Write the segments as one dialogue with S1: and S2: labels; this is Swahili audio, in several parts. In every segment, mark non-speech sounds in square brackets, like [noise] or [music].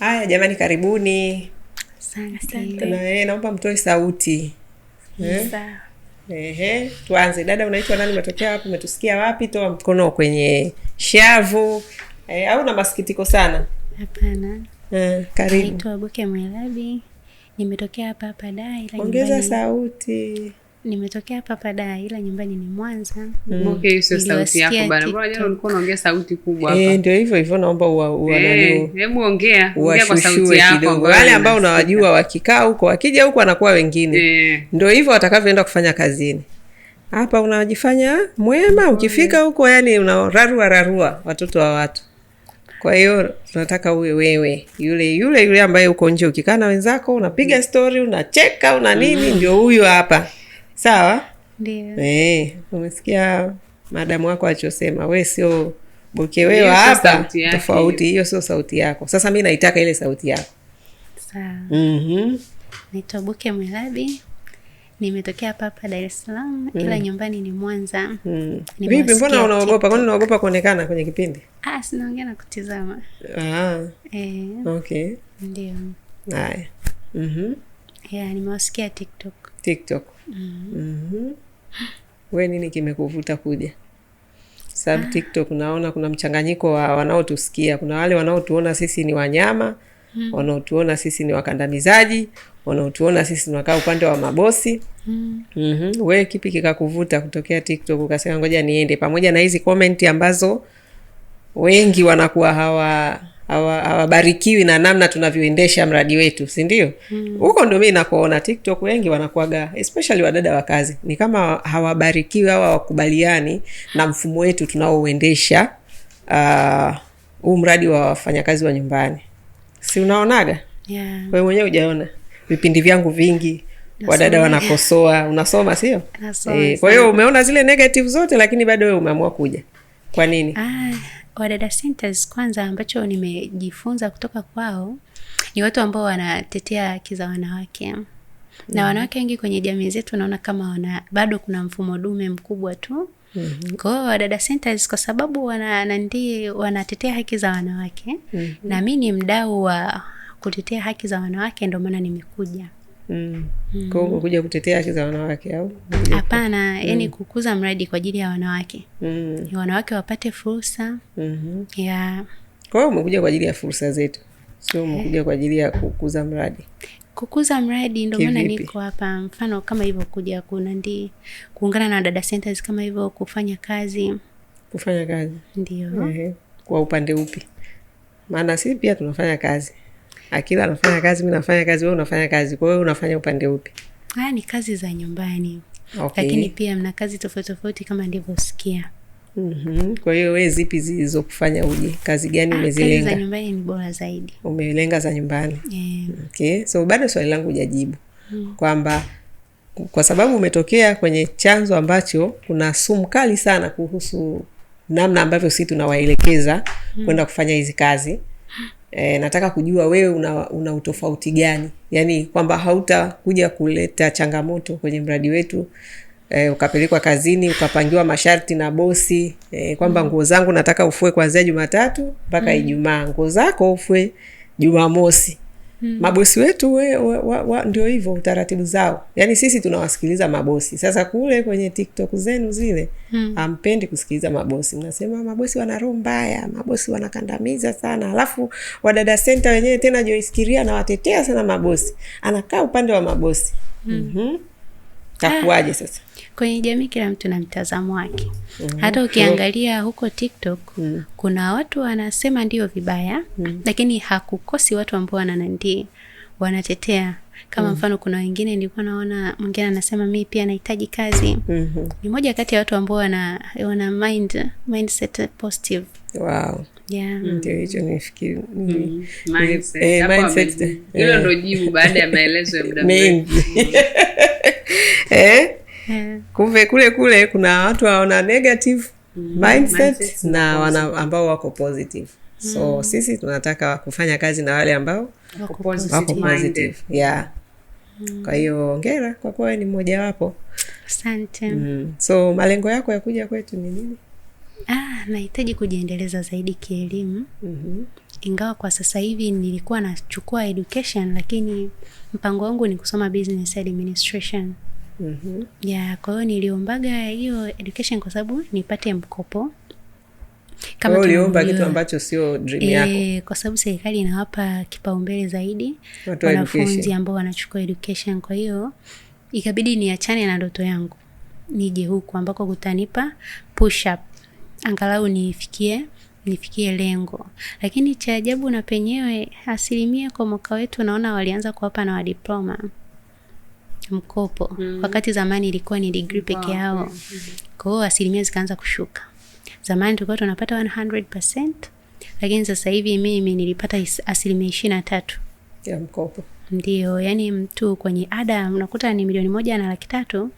S1: Haya jamani, karibuni.
S2: Asante.
S1: Naomba mtoe sauti. Eh? Ehe, tuanze. Dada, unaitwa nani? Umetokea wapi? Umetusikia wapi? Toa mkono kwenye shavu. E, au na masikitiko sana?
S2: Hapana.
S1: Eh, karibu.
S2: Naitwa Buke Mwelabi. Nimetokea hapa hapa dai
S1: Ongeza sauti
S2: nimetokea Papada ila nyumbani ni Mwanza. Mm.
S1: mm. Okay, sio sauti yako bana. ulikuwa unaongea sauti kubwa eh, hapa. Eh, ndio hivyo hivyo naomba eh, Hebu ongea, kwa sauti yako. Wale ambao unawajua wakikaa huko, wakija huko wanakuwa wengine. Eh. Ndio hivyo watakavyoenda kufanya kazini. Hapa unajifanya mwema, ukifika huko yani unararua rarua watoto wa watu. Kwa hiyo tunataka uwe wewe yule yule yule ambaye uko nje ukikaa na wenzako unapiga mm. stori unacheka una nini, mm. ndio huyo hapa sawa? Ndio. Eh, umesikia madamu wako alichosema, we sio bokewewa hapa, tofauti hiyo sio sauti yako. Sasa mi naitaka ile sauti yako. Sawa. Mhm.
S2: Naitwa Buke Mwelabi. Nimetokea papa hapa Dar Salaam mm. Ila nyumbani ni Mwanza.
S1: mm. Vipi, mbona unaogopa? Kwani unaogopa kuonekana kwenye kipindi?
S2: Ah, sinaongea na kutizama.
S1: Ah. e. Okay. Ndio. Haya. mm-hmm.
S2: Yeah, nimewasikia TikTok.
S1: TikTok. mm -hmm. Mm -hmm. We nini kimekuvuta kuja? Sababu ah. TikTok naona kuna mchanganyiko wa wanaotusikia, kuna wale wanaotuona sisi ni wanyama mm. wanaotuona sisi ni wakandamizaji, wanaotuona sisi tunakaa upande wa mabosi mm. Mm -hmm. We kipi kikakuvuta kutokea TikTok ukasema ngoja niende, pamoja na hizi komenti ambazo wengi wanakuwa hawa hawabarikiwi na namna tunavyoendesha mradi wetu, sindio hmm. Huko mm. ndo mi nakuona TikTok wengi wanakuaga especially wadada wa kazi ni kama hawabarikiwi au hawakubaliani na mfumo wetu tunaouendesha uh, huu uh, mradi wa wafanyakazi wa nyumbani, si unaonaga yeah. We mwenyewe ujaona vipindi vyangu vingi Nasoma, wadada wanakosoa, unasoma sio? E, eh, kwa hiyo umeona zile negative zote, lakini bado we umeamua kuja kwa nini?
S2: Ah. Wadada Centers kwanza, ambacho nimejifunza kutoka kwao ni watu ambao wanatetea haki za wanawake mm. na mhm. wanawake wengi kwenye jamii zetu naona kama wana, bado kuna mfumo dume mkubwa tu Mm-hmm. Kwa Wadada Centers kwa sababu wana wanatetea haki za wanawake mm-hmm. na mi ni mdau wa kutetea haki za wanawake, ndio maana nimekuja.
S1: Mm. Mm. Kwa umekuja kutetea haki za wanawake au?
S2: Hapana, yani mm. Yaani kukuza mradi kwa ajili ya wanawake mm. wanawake wapate fursa mm -hmm. ya
S1: kwa hiyo umekuja kwa ajili ya fursa zetu, sio umekuja eh. kwa ajili ya kukuza mradi
S2: kukuza mradi, ndio maana niko hapa. Mfano kama hivyo kuja ndi kuungana na dada centers kama hivyo kufanya kazi kufanya kazi ndio.
S1: Ehe. Kwa upande upi? Maana sisi pia tunafanya kazi Akila anafanya kazi, mi nafanya kazi, we unafanya kazi, kwa hiyo unafanya upande upi?
S2: Haya ni kazi za nyumbani. Okay. Lakini pia mna kazi tofauti tofauti kama ndivyosikia.
S1: Mm-hmm. Kwa hiyo we zipi zilizokufanya uje? Kazi gani ah, umezilenga? za
S2: nyumbani ni bora zaidi.
S1: Umelenga za nyumbani. Yeah. Okay. So bado swali langu hujajibu. Mm. Kwamba kwa sababu umetokea kwenye chanzo ambacho kuna sumu kali sana kuhusu namna ambavyo si tunawaelekeza mm. kwenda kufanya hizi kazi e, nataka kujua wewe una, una utofauti gani, yaani kwamba hautakuja kuleta changamoto kwenye mradi wetu e, ukapelekwa kazini ukapangiwa masharti na bosi e, kwamba mm-hmm. nguo zangu nataka ufue kuanzia Jumatatu mpaka mm. Ijumaa, nguo zako ufue Jumamosi Hmm. Mabosi wetu we, we, we, we, ndio hivyo utaratibu zao, yaani sisi tunawasikiliza mabosi. Sasa kule kwenye TikTok zenu zile hmm. ampendi kusikiliza mabosi, mnasema mabosi wana roho mbaya, mabosi wanakandamiza sana. Alafu wadada senta wenyewe tena Joyce Kiria anawatetea sana mabosi, anakaa upande wa mabosi hmm. mm -hmm. takuwaje ah. sasa?
S2: kwenye jamii kila mtu na mtazamo wake. mm. hata ukiangalia huko TikTok mm. kuna watu wanasema ndio vibaya mm. lakini hakukosi watu ambao wananandi wanatetea kama mm. mfano kuna wengine nilikuwa naona mwingine anasema mi pia nahitaji kazi. mm -hmm. Ni moja kati ya watu ambao wana wana mind mindset positive.
S1: Wow. Ndio hicho nifikiri hmm. eh, hilo ndo jibu baada ya maelezo ya muda mrefu. [laughs] Eh? [laughs] Kumbe kule kule kuna watu waona negative mm, mindset, mindset na wana ambao wako positive mm. So sisi tunataka kufanya kazi na wale ambao
S2: wako positive, wako
S1: positive. Yeah. Mm. Kwa hiyo kwa kuwa ni mmojawapo.
S2: Asante.
S1: Mm. So malengo yako ya kuja kwetu ni nini?
S2: Ah, nahitaji kujiendeleza zaidi kielimu. mm -hmm. Ingawa kwa sasa hivi nilikuwa nachukua education, lakini mpango wangu ni kusoma business administration. -hmm. ya kwa hiyo niliombaga hiyo education kwa sababu nipate mkopo
S1: kama uliomba kitu ambacho sio dream e, yako eh,
S2: kwa sababu serikali inawapa kipaumbele zaidi wanafunzi ambao wanachukua education kwa hiyo ikabidi niachane na ndoto yangu nije huku ambako kutanipa push up angalau nifikie nifikie lengo lakini cha ajabu na penyewe asilimia kwa mwaka wetu naona walianza kuwapa na wadiploma mkopo mm. Wakati zamani ilikuwa ni digri peke yao wow. Kwa asilimia zikaanza kushuka. Zamani tulikuwa tunapata 100%, lakini sasa hivi mimi nilipata asilimia ishiri na tatu ya mkopo. Ndio, yani mtu kwenye ada unakuta ni milioni moja na laki tatu,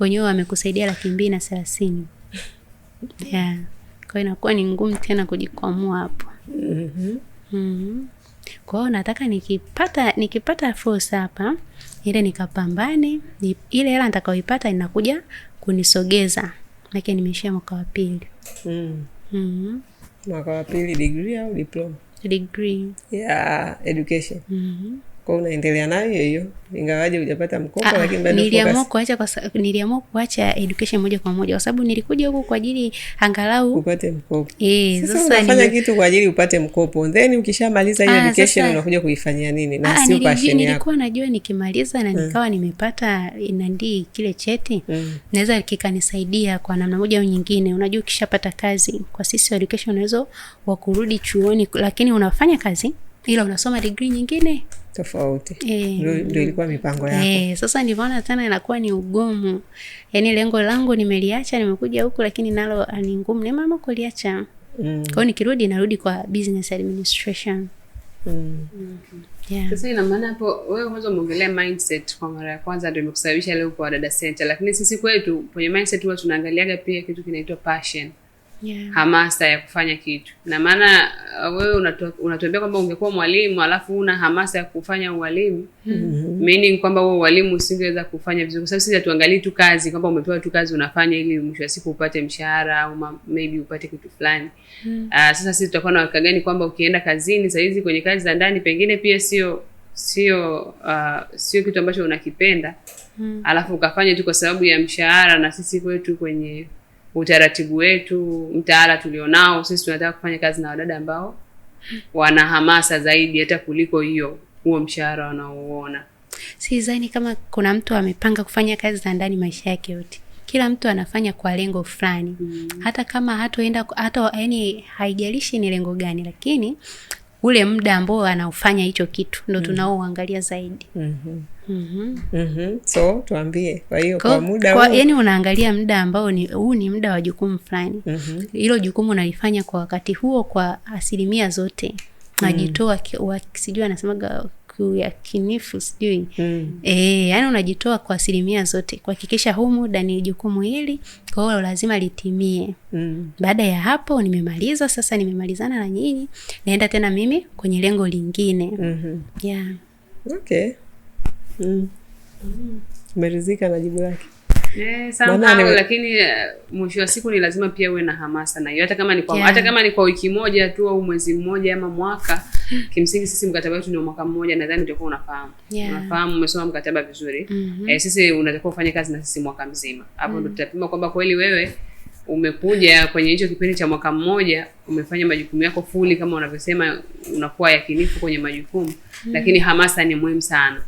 S2: wenyewe wamekusaidia laki mbili na thelathini [laughs] yeah. kwao inakuwa ni ngumu tena kujikwamua hapo
S1: mm -hmm.
S2: mm -hmm. Kwa nataka nikipata nikipata fursa hapa ile nikapambane, ile hela nitakaoipata inakuja kunisogeza, lakini nimeishia mwaka wa pili. mm. mm -hmm.
S1: mwaka wa pili, digri au diploma?
S2: digri
S1: ya yeah, education.
S2: mm -hmm
S1: kwa unaendelea nayo hiyo ingawaje hujapata mkopo, ah, lakini bado
S2: niliamua kuacha kwa niliamua kuacha education moja kwa moja, kwa sababu nilikuja huku kwa ajili angalau
S1: upate mkopo eh. Sasa unafanya ni... kitu kwa ajili upate mkopo, then ukishamaliza hiyo ah, education sasa... unakuja kuifanyia nini? Na ah, sio passion yako. Nilikuwa
S2: najua nikimaliza na hmm. nikawa hmm. nimepata eh, nandi kile cheti hmm. naweza kikanisaidia kwa namna moja au nyingine. Unajua, ukishapata kazi kwa sisi education unaweza wakurudi chuoni, lakini unafanya kazi ila unasoma degree nyingine tofauti e.
S1: Ndio ilikuwa mipango eh, yako e.
S2: Sasa nilipoona tena inakuwa ni ugumu, yaani lengo langu nimeliacha, nimekuja huku, lakini nalo ni ngumu, ni mama kuliacha mm. Kwa nikirudi, narudi kwa business administration
S1: mm. Mm. Yeah. Sasa ina maana hapo wewe kwanza umeongelea mindset kwa mara ya kwanza ndio imekusababisha leo kwa Wadada Center, lakini sisi kwetu kwenye mindset huwa tunaangaliaga pia kitu kinaitwa passion yeah. hamasa ya kufanya kitu, na maana uh, wewe unatuambia kwamba ungekuwa mwalimu alafu una hamasa ya kufanya ualimu mm-hmm. meaning kwamba wewe ualimu usingeweza kufanya vizuri, kwa sababu sisi hatuangalii tu kazi kwamba umepewa tu kazi unafanya ili mwisho wa siku upate mshahara au maybe upate kitu fulani mm. Uh, sasa sisi tutakuwa na uhakika gani kwamba ukienda kazini saa hizi kwenye kazi za ndani pengine pia sio sio uh, sio kitu ambacho unakipenda mm. alafu ukafanya tu kwa sababu ya mshahara, na sisi kwetu kwenye utaratibu wetu, mtaala tulionao sisi, tunataka kufanya kazi na wadada ambao wana hamasa zaidi hata kuliko hiyo huo mshahara wanaouona.
S2: Sidhani kama kuna mtu amepanga kufanya kazi za ndani maisha yake yote. Kila mtu anafanya kwa lengo fulani mm. hata kama hatoenda hata, yani haijalishi ni lengo gani, lakini ule muda ambao anaufanya hicho kitu ndo mm. tunaouangalia zaidi mm -hmm. Mm-hmm.
S1: mm-hmm. so tuambie kwa hiyo kwa, kwa muda kwa,
S2: yani unaangalia muda ambao ni huu ni muda wa jukumu fulani mm-hmm. hilo jukumu unalifanya kwa wakati huo kwa asilimia zote najitoa mm. sijui anasemaga yakinifu sijui mm. e, yani unajitoa kwa asilimia zote kuhakikisha huu muda ni jukumu hili kwa lazima litimie mm. baada ya hapo nimemaliza sasa nimemalizana na nyinyi naenda tena mimi kwenye lengo lingine mm-hmm. yeah.
S1: okay Umeridhika mm. na jibu lake? Yeah, somehow, lakini uh, mwisho wa siku ni lazima pia uwe na hamasa na hiyo, hata kama ni kwa yeah. hata kama ni kwa wiki moja tu au mwezi mmoja ama mwaka. Kimsingi sisi mkataba wetu ni wa mwaka mmoja, nadhani utakuwa unafahamu yeah. unafahamu, umesoma mkataba vizuri mm -hmm. Eh, sisi unatakiwa ufanye kazi na sisi mwaka mzima, hapo mm. ndo tutapima kwamba kweli wewe umekuja kwenye hicho kipindi cha mwaka mmoja umefanya majukumu yako fuli, kama unavyosema unakuwa yakinifu kwenye majukumu mm. Lakini hamasa ni muhimu sana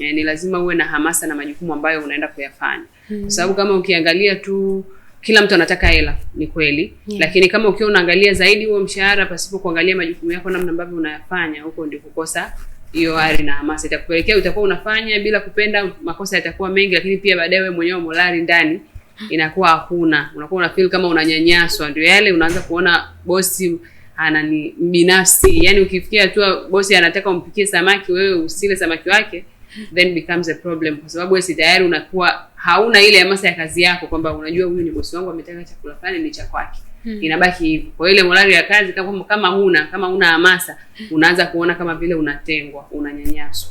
S1: e, ni lazima uwe na hamasa na majukumu ambayo unaenda kuyafanya mm. Kwa sababu kama ukiangalia tu kila mtu anataka hela, ni kweli yeah. Lakini kama ukiwa unaangalia zaidi huo mshahara pasipo kuangalia majukumu yako, namna ambavyo unayafanya, huko ndio kukosa hiyo ari na hamasa, itakupelekea utakuwa unafanya bila kupenda, makosa yatakuwa mengi, lakini pia baadaye wewe mwenyewe molari ndani inakuwa hakuna, unakuwa una feel kama unanyanyaswa. Ndio yale unaanza kuona bosi anani binafsi, yani ukifikia hatua bosi anataka umpikie samaki wewe usile samaki wake, then becomes a problem, kwa sababu wewe si tayari unakuwa hauna ile hamasa ya kazi yako, kwamba unajua huyu ni bosi wangu, ametaka chakula fulani ni cha kwake. Hmm. Inabaki hivyo. Kwa ile morali ya kazi kama kama huna kama una hamasa, unaanza kuona kama vile unatengwa, unanyanyaswa.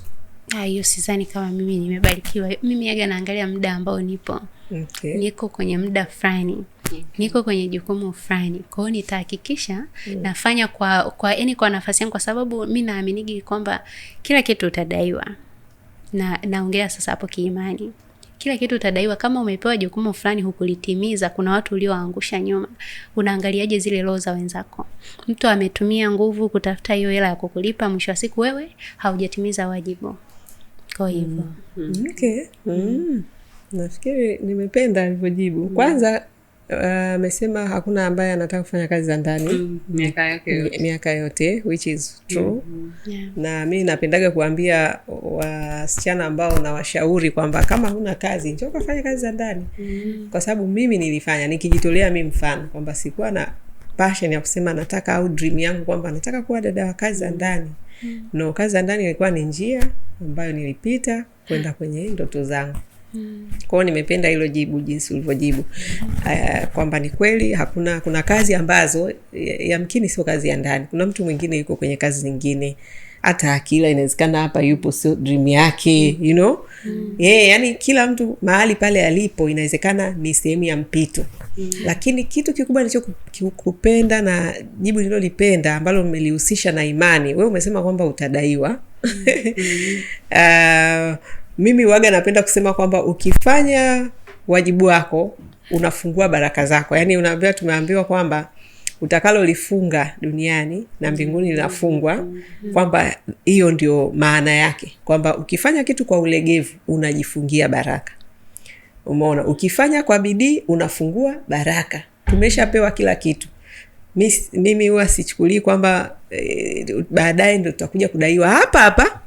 S2: Ah, hiyo sidhani kama mimi nimebarikiwa. Mimi aga naangalia muda ambao nipo okay. niko kwenye muda fulani mm-hmm. niko kwenye jukumu fulani, kwa hiyo nitahakikisha mm. nafanya kwa kwa yani kwa nafasi yangu, kwa sababu mi naaminigi kwamba kila kitu utadaiwa, na naongea sasa hapo kiimani kila kitu utadaiwa. Kama umepewa jukumu fulani hukulitimiza, kuna watu uliowaangusha nyuma, unaangaliaje zile roho za wenzako? Mtu ametumia nguvu kutafuta hiyo hela ya kukulipa, mwisho wa siku wewe haujatimiza wajibu. Kwa hivyo
S1: mm. okay. mm. mm. Nafikiri nimependa alivyojibu. Mm. Kwanza uh, amesema uh, hakuna ambaye anataka kufanya kazi za ndani mm, miaka yake yote, miaka yote which is true mm -hmm. yeah. Na mi napendaga kuambia wasichana ambao nawashauri kwamba kama huna kazi njoo kafanya kazi za ndani mm -hmm. Kwa sababu mimi nilifanya nikijitolea mi mfano kwamba sikuwa na passion ya kusema nataka au dream yangu kwamba nataka kuwa dada wa kazi za mm. ndani mm -hmm. No, kazi za ndani ilikuwa ni njia ambayo nilipita kwenda kwenye ndoto zangu. Mm. Kwao nimependa hilo jibu jinsi ulivyojibu. Uh, kwamba ni kweli hakuna kuna kazi ambazo yamkini ya sio kazi ya ndani. Kuna mtu mwingine yuko kwenye kazi nyingine hata akila inawezekana hapa yupo sio dream yake you know? mm. Yeah, yani kila mtu mahali pale alipo inawezekana ni sehemu ya mpito mm. Lakini kitu kikubwa kupenda na jibu nililolipenda ambalo umelihusisha na imani, we umesema kwamba utadaiwa mm. uh, [laughs] mimi waga napenda kusema kwamba ukifanya wajibu wako unafungua baraka zako, yaani unaambiwa, tumeambiwa kwamba utakalolifunga duniani na mbinguni linafungwa, kwamba hiyo ndio maana yake, kwamba ukifanya kitu kwa ulegevu unajifungia baraka. Umeona, ukifanya kwa bidii unafungua baraka. Tumeshapewa kila kitu. Mis, mimi huwa sichukulii kwamba e, baadaye ndo tutakuja kudaiwa. Hapa hapa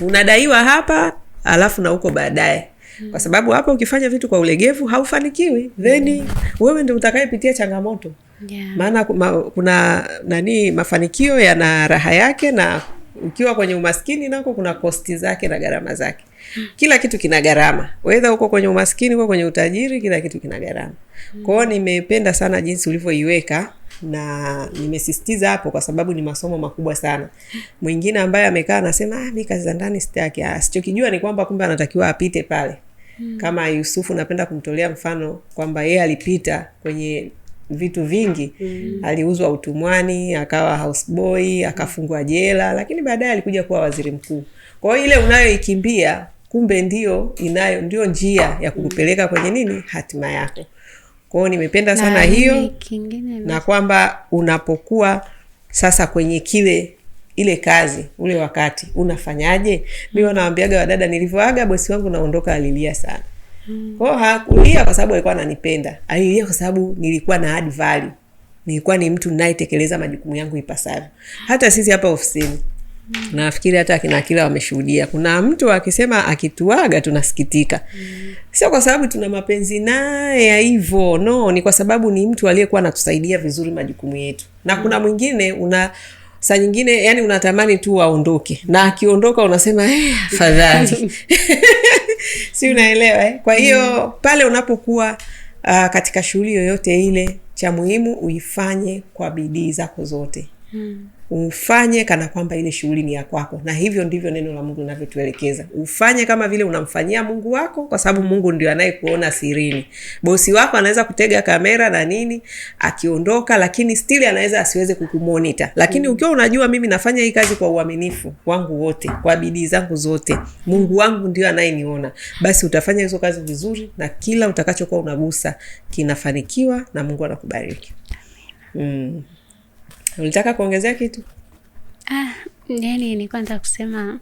S1: unadaiwa hapa alafu na huko baadaye mm. kwa sababu hapa ukifanya vitu kwa ulegevu haufanikiwi, then mm. wewe ndio utakayepitia changamoto yeah. Maana ma, kuna nani, mafanikio yana raha yake, na ukiwa kwenye umaskini nako kuna kosti zake na gharama zake. Mm. Kila kitu kina gharama, wedha uko kwenye umaskini, uko kwenye utajiri, kila kitu kina gharama. mm. Kwao nimependa sana jinsi ulivyoiweka na nimesisitiza hapo kwa sababu ni masomo makubwa sana. Mwingine ambaye amekaa anasema ah, mi kazi za ndani sitaki. Ah, sichokijua ni kwamba kumbe anatakiwa apite pale hmm. Kama Yusufu napenda kumtolea mfano kwamba yeye alipita kwenye vitu vingi hmm. Aliuzwa utumwani, akawa houseboy, akafungwa jela, lakini baadaye alikuja kuwa waziri mkuu. Kwa hiyo ile unayoikimbia kumbe ndio inayo ndio njia ya kukupeleka kwenye nini, hatima yako kwao nimependa sana na hiyo na kwamba unapokuwa sasa kwenye kile ile kazi ule wakati unafanyaje? Mi wanawambiaga wadada, nilivyoaga bosi wangu naondoka, alilia sana hmm. kwao. Hakulia kwa sababu alikuwa ananipenda, alilia kwa sababu nilikuwa na add value, nilikuwa ni mtu nayetekeleza majukumu yangu ipasavyo. Hata sisi hapa ofisini Nafikiri hata akina Akila wameshuhudia, kuna mtu akisema akituaga tunasikitika. mm. Sio kwa sababu tuna mapenzi naye ya hivyo, no, ni kwa sababu ni mtu aliyekuwa anatusaidia vizuri majukumu yetu, na mm. kuna mwingine una saa nyingine yani unatamani tu aondoke, na akiondoka unasema eh, afadhali [laughs] si unaelewa eh? Kwa hiyo mm. pale unapokuwa uh, katika shughuli yoyote ile, cha muhimu uifanye kwa bidii zako zote. Mm ufanye kana kwamba ile shughuli ni ya kwako, na hivyo ndivyo neno la Mungu linavyotuelekeza. Ufanye kama vile unamfanyia Mungu wako, kwa sababu Mungu ndio anayekuona sirini. Bosi wako anaweza kutega kamera na nini akiondoka, lakini stili anaweza asiweze kukumonita. Lakini ukiwa unajua mimi nafanya hii kazi kwa uaminifu wangu wote, kwa bidii zangu zote, Mungu wangu ndio anayeniona, basi utafanya hizo kazi vizuri, na kila utakachokuwa unagusa kinafanikiwa na Mungu anakubariki. Mm. Ulitaka kuongezea kitu?
S2: Ah, yani ni kwanza kusema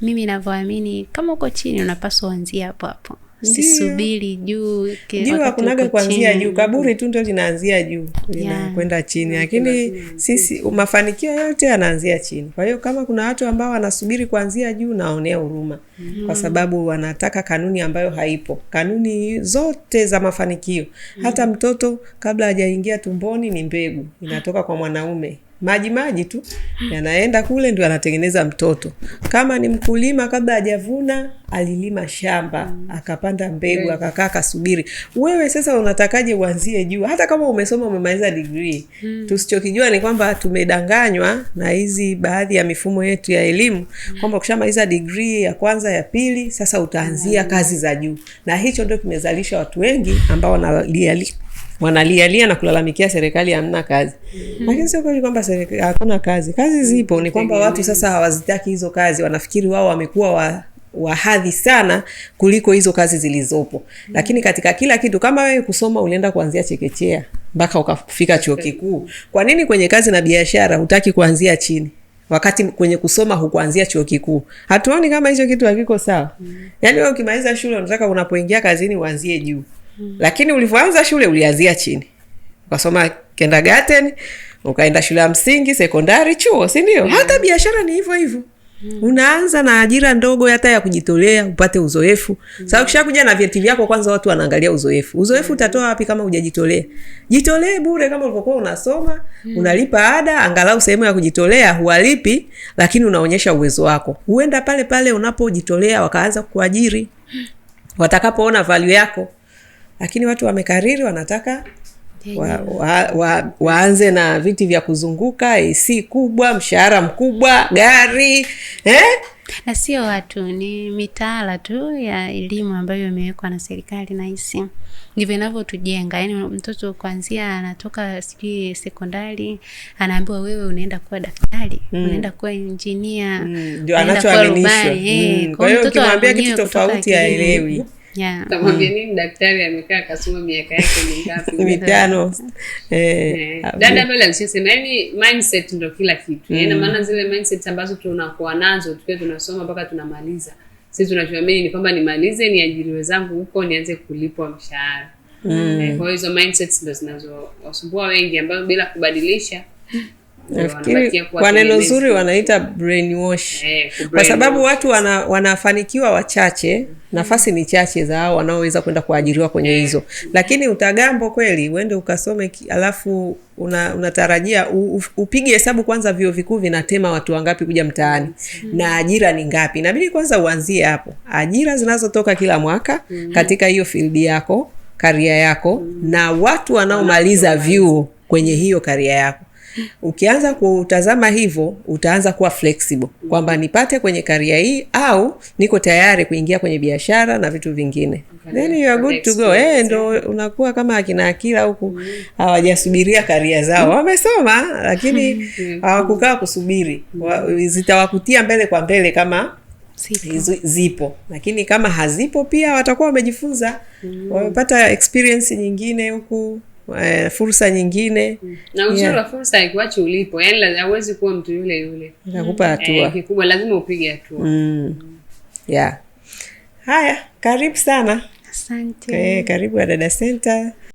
S2: mimi navyoamini, kama uko chini unapaswa uanzie hapo hapo usisubiri juu
S1: juu hakunaga kuanzia juu kaburi tu ndo linaanzia juu linakwenda yeah. chini lakini sisi mafanikio yote yanaanzia chini kwa hiyo kama kuna watu ambao wanasubiri kuanzia juu naonea huruma mm. kwa sababu wanataka kanuni ambayo haipo kanuni zote za mafanikio hata mm. mtoto kabla hajaingia tumboni ni mbegu inatoka kwa mwanaume maji maji tu yanaenda kule, ndio anatengeneza mtoto. Kama ni mkulima, kabla hajavuna alilima shamba, akapanda mbegu, akakaa, kasubiri Wewe sasa unatakaje uanzie juu? Hata kama umesoma umemaliza digrii, hmm. tusichokijua ni kwamba tumedanganywa na hizi baadhi ya mifumo yetu ya elimu hmm. kwamba ukishamaliza digrii ya kwanza, ya pili, sasa utaanzia hmm. kazi za juu, na hicho ndio kimezalisha watu wengi ambao wanalialia wanalialia na kulalamikia serikali hamna kazi mm-hmm. Lakini sio kweli kwamba hakuna kazi, kazi zipo, ni kwamba watu sasa hawazitaki hizo kazi, wanafikiri wao wamekuwa wa wahadhi sana kuliko hizo kazi zilizopo. Mm. Lakini katika kila kitu, kama wewe kusoma ulienda kuanzia chekechea mpaka ukafika chuo mm-hmm. kikuu, kwa nini kwenye kazi na biashara hutaki kuanzia chini wakati kwenye kusoma hukuanzia chuo kikuu? Hatuoni kama hicho kitu hakiko sawa? Mm. Yaani wewe ukimaliza shule unataka unapoingia kazini uanzie juu. Mm. Lakini ulivyoanza shule ulianzia chini, ukasoma kindergarten, ukaenda shule ya msingi, sekondari, chuo, si ndio? yeah. Mm. Hata biashara ni hivyo hivyo mm. Unaanza na ajira ndogo hata ya kujitolea upate uzoefu mm. sababu ukisha kuja na vyeti vyako, kwanza watu wanaangalia uzoefu. Uzoefu mm. utatoa wapi kama ujajitolea Jitolee bure kama ulivokuwa unasoma mm. Unalipa ada angalau sehemu ya kujitolea huwalipi, lakini unaonyesha uwezo wako. Huenda pale pale unapojitolea wakaanza kuajiri mm. watakapoona value yako lakini watu wamekariri wanataka wa, wa, wa, waanze na viti vya kuzunguka, AC kubwa, mshahara mkubwa, gari eh?
S2: na sio watu, ni mitaala tu ya elimu ambayo imewekwa na serikali, na hisi ndivyo inavyotujenga. Yani mtoto kwanzia anatoka sijui sekondari, anaambiwa wewe unaenda kuwa daktari mm. unaenda kuwa injinia, mm.
S1: ndio anachoaminishwa.
S2: Eh, mm.
S1: Kwa hiyo ukimwambia kitu tofauti haelewi yeah. Mm. nini daktari amekaa akasoma miaka yake mingapi [laughs] eh, eh, dada pale alishasema yani mindset ndo kila kitu yaani mm. na maana zile mindset ambazo tunakuwa nazo tukiwa tunasoma mpaka tunamaliza sisi tunachoamini ni kwamba nimalize niajiriwe zangu huko nianze kulipwa mshahara mm. Eh, kwa hizo mindsets ndo zinazowasumbua wengi ambayo bila kubadilisha Nafikiri kwa neno zuri wanaita brainwash. Eh, kwa sababu watu wana, wanafanikiwa wachache mm -hmm. Nafasi ni chache za hao wanaoweza kwenda kuajiriwa kwenye hizo Lakini utagambo kweli uende ukasome alafu una, unatarajia upige hesabu kwanza, vyuo vikuu vinatema watu wangapi kuja mtaani mm -hmm. Na ajira ni ngapi? nabidi kwanza uanzie hapo, ajira zinazotoka kila mwaka mm -hmm. Katika hiyo fildi yako karia yako mm -hmm. Na watu wanaomaliza vyuo kwenye hiyo karia yako Ukianza kutazama hivyo, utaanza kuwa flexible kwamba mm-hmm. nipate kwenye karia hii au niko tayari kuingia kwenye biashara na vitu vingine, then you are good to go. Eh, ndo unakuwa kama akina Akila huku, mm-hmm. hawajasubiria karia zao, mm-hmm. wamesoma lakini hawakukaa kusubiri, zitawakutia mbele kwa mbele kama Zipo. Zipo lakini kama hazipo pia watakuwa wamejifunza, mm. wamepata experience nyingine huku uh, fursa nyingine na uzuri yeah. wa fursa ikuachi ulipo, yani hauwezi kuwa mtu yule yule, nakupa mm. hatua eh, kikubwa, lazima upige hatua mm. yeah. Haya, karibu sana.
S2: Asante.
S1: Eh, karibu Wadada Center.